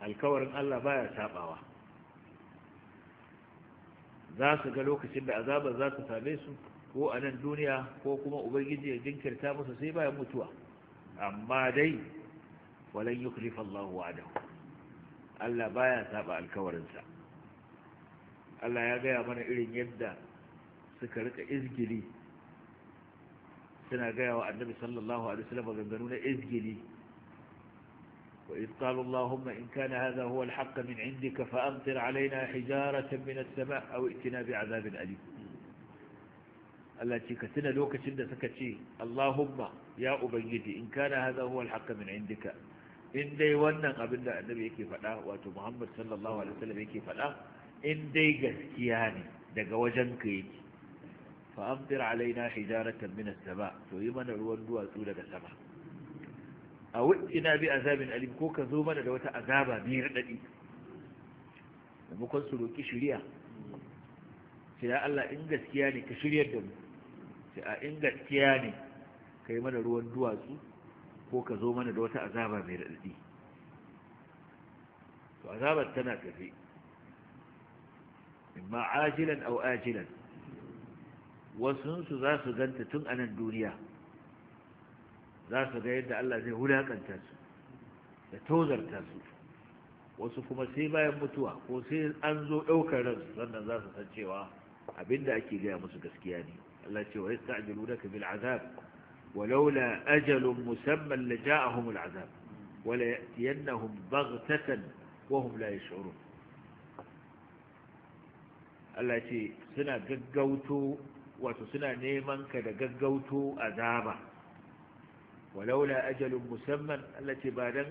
alkawarin Allah baya sabawa za su ga lokacin da azabar za su same su ko a nan duniya ko kuma ubangiji ya jinkirta musu sai bayan mutuwa amma dai walan yukhlif Allah wa'adahu Allah baya saba alkawarinsa Allah ya gaya mana irin yadda suka rika izgiri. suna gaya wa annabi sallallahu alaihi wasallam maganganu na izgili wa idh qala allahumma in kana hadha huwa alhaq min indika fa amtir alaina hijaratan min as-sama' aw itina bi'adhabin alim Allah ce ka tuna lokacin da suka ce Allahumma ya ubangiji in kana hadha huwa alhaq min indika in dai wannan abin da annabi yake faɗa wato Muhammad sallallahu alaihi wasallam yake faɗa in dai gaskiya ne daga wajenka yake fa amtir alaina hijaratan min as-sama to yi mana ruwan duwatsu daga sama a wucina bi azabin alim ko ka zo mana da wata azaba bi radadi da mukon su roƙi shiriya sai Allah in gaskiya ne ka shiryar da mu sai a in gaskiya ne yi mana ruwan duwatsu ko ka zo mana da wata azaba mai daɗi? to azabar tana tafi imma ajilan au ajilan wasunsu za su ganta tun a nan duniya za su ga yadda Allah zai wulaƙanta su da tozarta su wasu kuma sai bayan mutuwa ko sai an zo ɗaukar ransu sannan za su san cewa abinda ake gaya musu gaskiya ne Allah ce wa yasta'jilunaka bil azab ولولا أجل مسمى لجاءهم العذاب وليأتينهم ko وهم لا يشعرون Allah ce suna gaggauto wato suna neman ka da gaggauto azaba walaula ajalin musamman Allah ce ba dan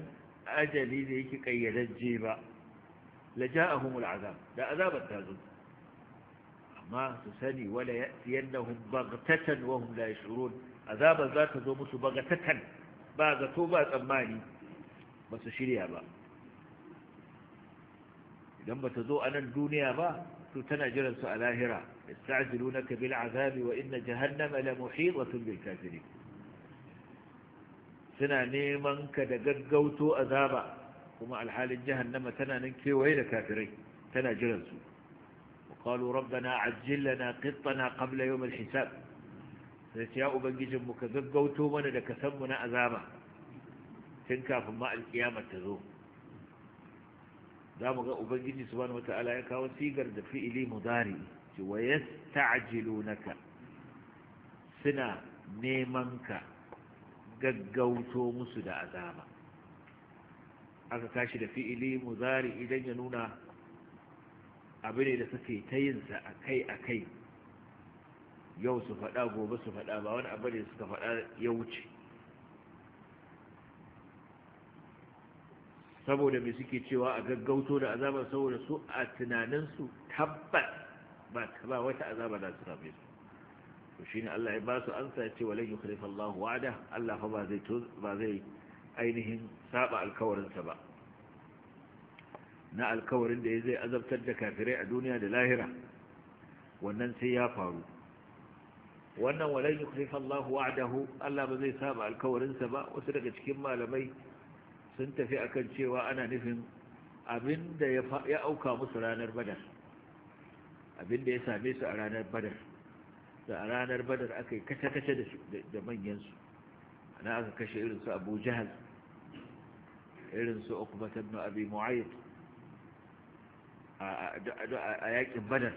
ajali da yake kayyadajje ba la ja'ahumul azab da azabar ta zo amma su sani wala ya'tiyannahum baghtatan wa hum la shirun. azabar za ta zo musu baghtatan ba zato ba tsammani ba su shirya ba idan ba ta zo a nan duniya ba to tana jiransu a lahira na يستعجلونك بالعذاب وإن جهنم لمحيطة بالكافرين suna neman ka da gaggauto azaba kuma alhalin jahannama tana nan kewaye da kafirai tana jiransu وقالوا ربنا عجل لنا قطنا قبل يوم الحساب sai ya ubangijin mu ka gaggauto mana da ka san mu na azaba tun kafin ma alkiyama ta zo za mu ga ubangiji subhanahu wataala ya kawo sigar da fi'ili mudari ci wa yasta'jilunaka suna neman ka gaggauto musu da azaba aka kashi da fi'ili muzari idan ya nuna abu ne da suke ta yinsa akai-akai yau su faɗa gobe su faɗa ba wani abu ne suka faɗa ya wuce saboda mai suke cewa a gaggauto da azaba saboda su a tunaninsu tabbat ba wata azaba da su same su to shine Allah ya ba su ansa ya ce walan yukhlifa Allah wa'ada Allah fa ba zai ba zai ainihin saba alkawarin sa ba na alkawarin da ya zai azabtar da kafirai a duniya da lahira wannan sai ya faru wannan walan yukhlifa Allah wa'dahu Allah ba zai saba alkawarin sa ba wasu daga cikin malamai sun tafi akan cewa ana nufin abinda ya auka musu ranar badar abinda ya same su a ranar badar da a ranar badar aka yi kace-kace da manyansu ana aka kashe irinsu abu jihal irinsu okubatar na abi mu'ayyar a yakin badar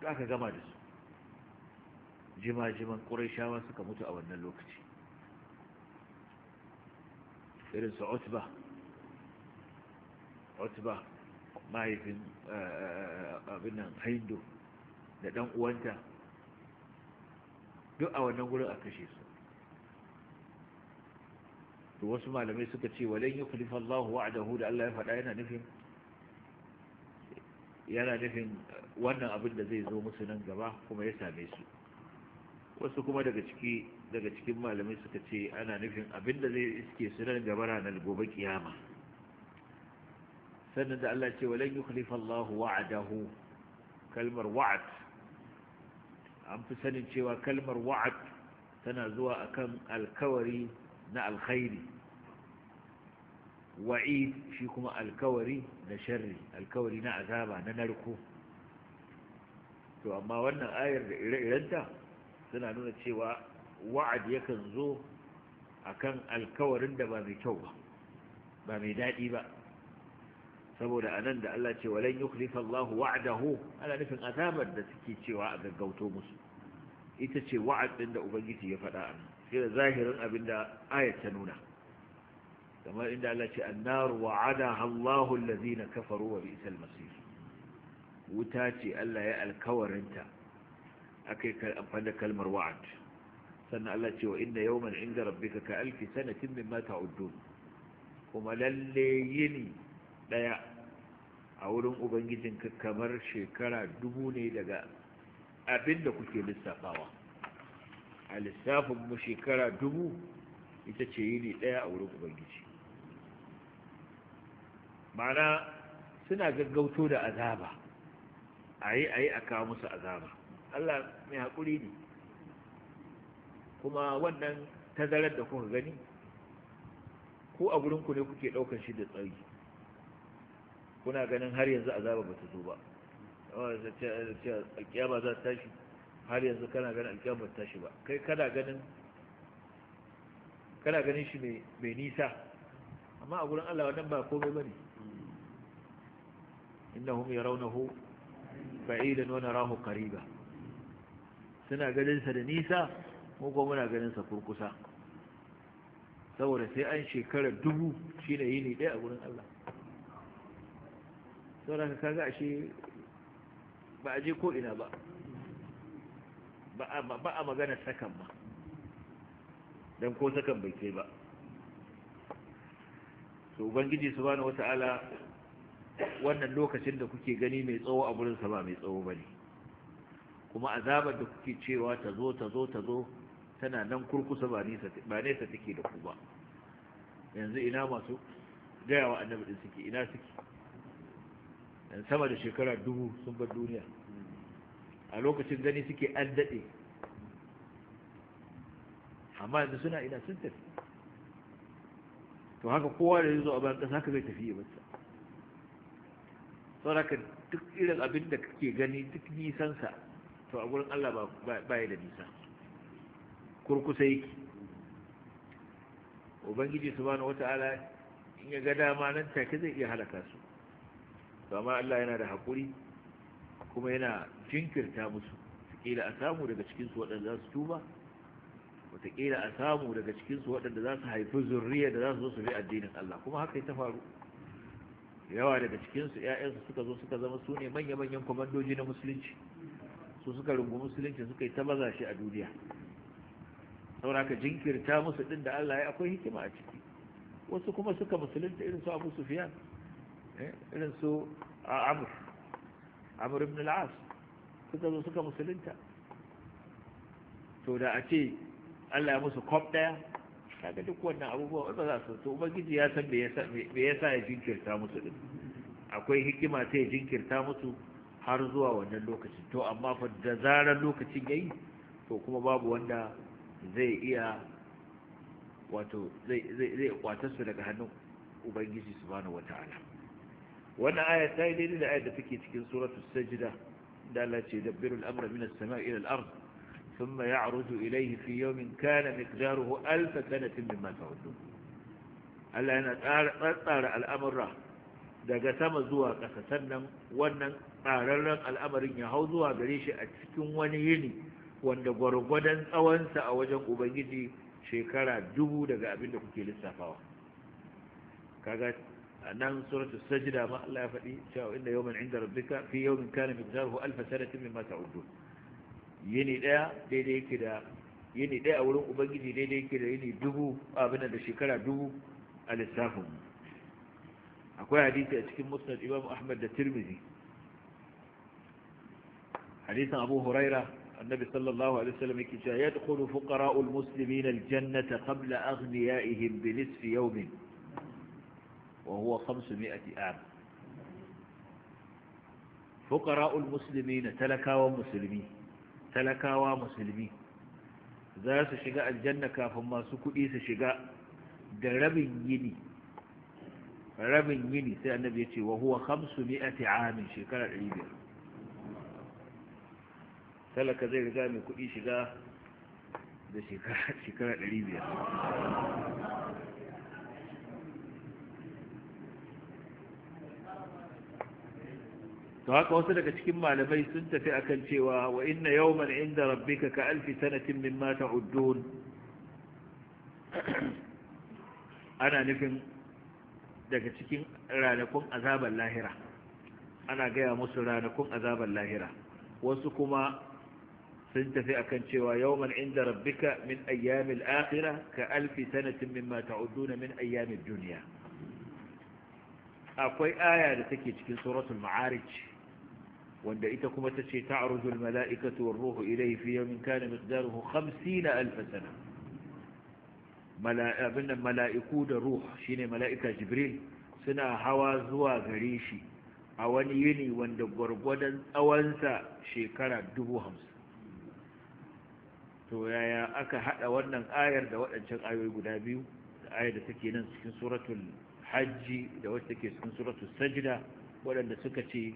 da aka gama da su jima-jiman ƙurashawa suka mutu a wannan lokaci irinsu utba utba mahaifin eh, eh, eh, abin nan hindu da ɗan uwanta duk a wannan gurin a kashe su to wasu malamai suka ce walen yi kulifa Allah wa'adahu da Allah ya faɗa yana nufin yana nufin wannan abin da zai zo musu nan gaba kuma ya same su wasu kuma daga ciki daga cikin malamai suka ce ana nufin abin da zai iske su nan gaba ranar gobe kiyama sannan da Allah ce walan yukhlifa Allah wa'adahu kalmar wa'ad an fi sanin cewa kalmar wa'ad tana zuwa akan alkawari na alkhairi wa'id shi kuma alkawari na sharri alkawari na azaba na narko to amma wannan ayar da ire-irenta suna nuna cewa wa'ad yakan zo akan alkawarin da ba mai kyau ba ba mai daɗi ba saboda anan da Allah ce walan yukhlifa Allah wa'dahu ana nufin azabar da suke cewa a gaggauto musu ita ce wa'ad da ubangiji ya faɗa a sai da zahirin abinda a ayat ta nuna kamar inda Allah ce annar wa'adaha Allah allazina kafaru wa bi'sal masir wuta ce Allah ya alkawarinta akai amfani da kalmar wa'ad sannan Allah ce wa inna yawman inda rabbika ka alfi sanatin mimma ta'uddun kuma lalle yini ɗaya a wurin ubangijinka kamar shekara dubu ne daga abin da kuke lissafawa a lissafinmu shekara dubu ita ce yini ɗaya a wurin ubangiji mana suna gaggauto da azaba a yi a yi a kawo musu azaba allah mai haƙuri ne kuma wannan tazarar da kuka gani ko a gurinku ne kuke ɗaukar shi da tsari kuna ganin har yanzu azaba ba ta zo ba alkiyama za ta tashi har yanzu kana ganin alkiyama ba ta tashi ba kai kana ganin kana ganin shi mai nisa amma a gurin Allah wannan ba komai bane innahum yarawnahu ba'idan wa narahu qariba suna ganin sa da nisa mu ko muna ganin sa kurkusa saboda sai an shekara dubu shine yini ɗaya a gurin Allah saboda kaga ashe ba a je ko ina ba ba a magana sakan ba don ko sakan bai kai ba su ubangiji subhanahu wata'ala wannan lokacin da kuke gani mai tsawo a gurinsa ba mai tsawo ba ne kuma azabar da kuke cewa ta zo ta zo ta zo tana nan kurkusa ba nesa take da ku ba yanzu ina masu gayawa wa annabin suke ina suke dan sama da shekara dubu sun bar duniya a lokacin gani suke an daɗe amma yanzu suna ina sun tafi to haka kowa da ya a bayan ƙasa haka zai tafi ya bata sauraka duk irin abin da kake gani duk nisansa to a gurin Allah ba ya da nisa kurkusa yake ubangiji wata ala in ya ga dama nan take zai iya halaka su to amma Allah yana da haƙuri kuma yana jinkirta musu wataƙila a samu daga cikinsu waɗanda za su tuba wataƙila a samu daga cikinsu waɗanda za su haifi zurriya da za su zo su bi addinin Allah kuma haka ta faru yawa daga cikinsu ‘ya'yansu suka zo suka zama su ne manya-manyan kwamandoji na musulunci su suka rungu musulunci suka yi ta baza shi a duniya sauraka jinkirta musu ɗin da Allah ya akwai hikima a ciki wasu kuma suka musulunta irin su abu sufiyan Eh, irin su amur amur ibn al'as suka zo suka musulunta to da a ce allah ya musu kwab daya ga duk wannan abubuwa wanda za su to ubangiji ya san me yasa ya jinkirta musu din akwai hikima ta ya jinkirta musu har zuwa wannan lokacin to amma fa da zarar lokacin ya yi to kuma babu wanda zai iya wato zai kwatar su daga hannun ubangiji su wata wata'ala wannan aya ta yi daidai da ayar da take cikin suratul sajda da Allah ce dabbiru al-amra min as-sama'i ila al-ard thumma ya'rudu ilayhi fi yawmin kana miqdaruhu alf sanatin mimma ta'udun Allah yana tsara al'amura daga sama zuwa ƙasa sannan wannan tsararren al'amarin ya hau zuwa gare shi a cikin wani yini wanda gwargwadon tsawonsa a wajen ubangiji shekara dubu daga abin da kuke lissafawa kaga nan suratu sajda ma Allah ya faɗi cewa inda yawman inda rabbika fi yawmin kana miqdaruhu alf sanatin mimma ta'udun yini daya daidai yake da yini daya a wurin ubangiji daidai yake da yini dubu abin da shekara dubu a lissafin akwai hadisi a cikin musnad imam ahmad da tirmizi hadisin abu huraira annabi sallallahu alaihi wasallam yake cewa yadkhulu fuqara'ul muslimina aljannata qabla aghniyaihim bi nisfi yawmin wa huwa 500 am fuqara'ul muslimina talakawa musulmi talakawa musulmi za su shiga aljanna kafin masu kuɗi su shiga da rabin yini rabin sai annabi ya ce wa huwa 500 amin shekara 500 talaka zai riga mai kuɗi shiga da shekara 500 to haka wasu daga cikin malamai sun tafi akan cewa wa inna yawman inda rabbika ka alfi sanatin mimma ta'uddun ana nufin daga cikin ranakun azabar lahira ana gaya musu ranakun azabar lahira wasu kuma sun tafi akan cewa yawman inda rabbika min ayyamil akhira, ka alfi sanatin min mimma ta'udduna min ayyamid dunya akwai aya da take cikin suratul ma'arij wanda ita kuma ta ce ta'ruju al-mala'ikatu war-ruhu ilayhi fi yawmin kane miqdaruhu 50 alf sana mala'abun mala'iku da ruh ne mala'ika jibril suna hawa zuwa gare shi a wani yini wanda gwargwadon tsawonsa shekara dubu hamsin to yaya aka hada wannan ayar da waɗancan ayoyi guda biyu da ayar da take nan cikin suratul hajji da wacce take cikin suratul sajida waɗanda suka ce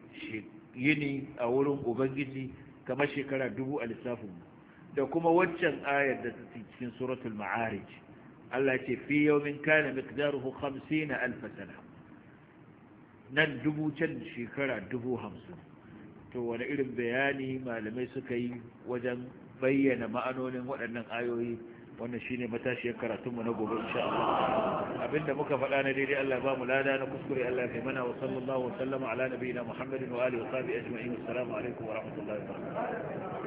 yini a wurin ubangiji kamar shekara dubu a lissafin da kuma waccan ayar da take cikin suratul ma'arij Allah ce fi yawmin kana miqdaruhu 50 alf sana nan dubu can shekara dubu hamsin to wani irin bayani malamai suka yi wajen bayyana ma'anonin waɗannan ayoyi wannan ne matashiyar karatunmu na gobe insha Allah abinda muka faɗa na daidai Allah ba mu lada na kuskure Allah kai mana wa sallallahu wa sallama ala nabiyina Muhammadin wa alihi wa sahbihi ajma'in assalamu alaikum wa rahmatullahi wa
barakatuh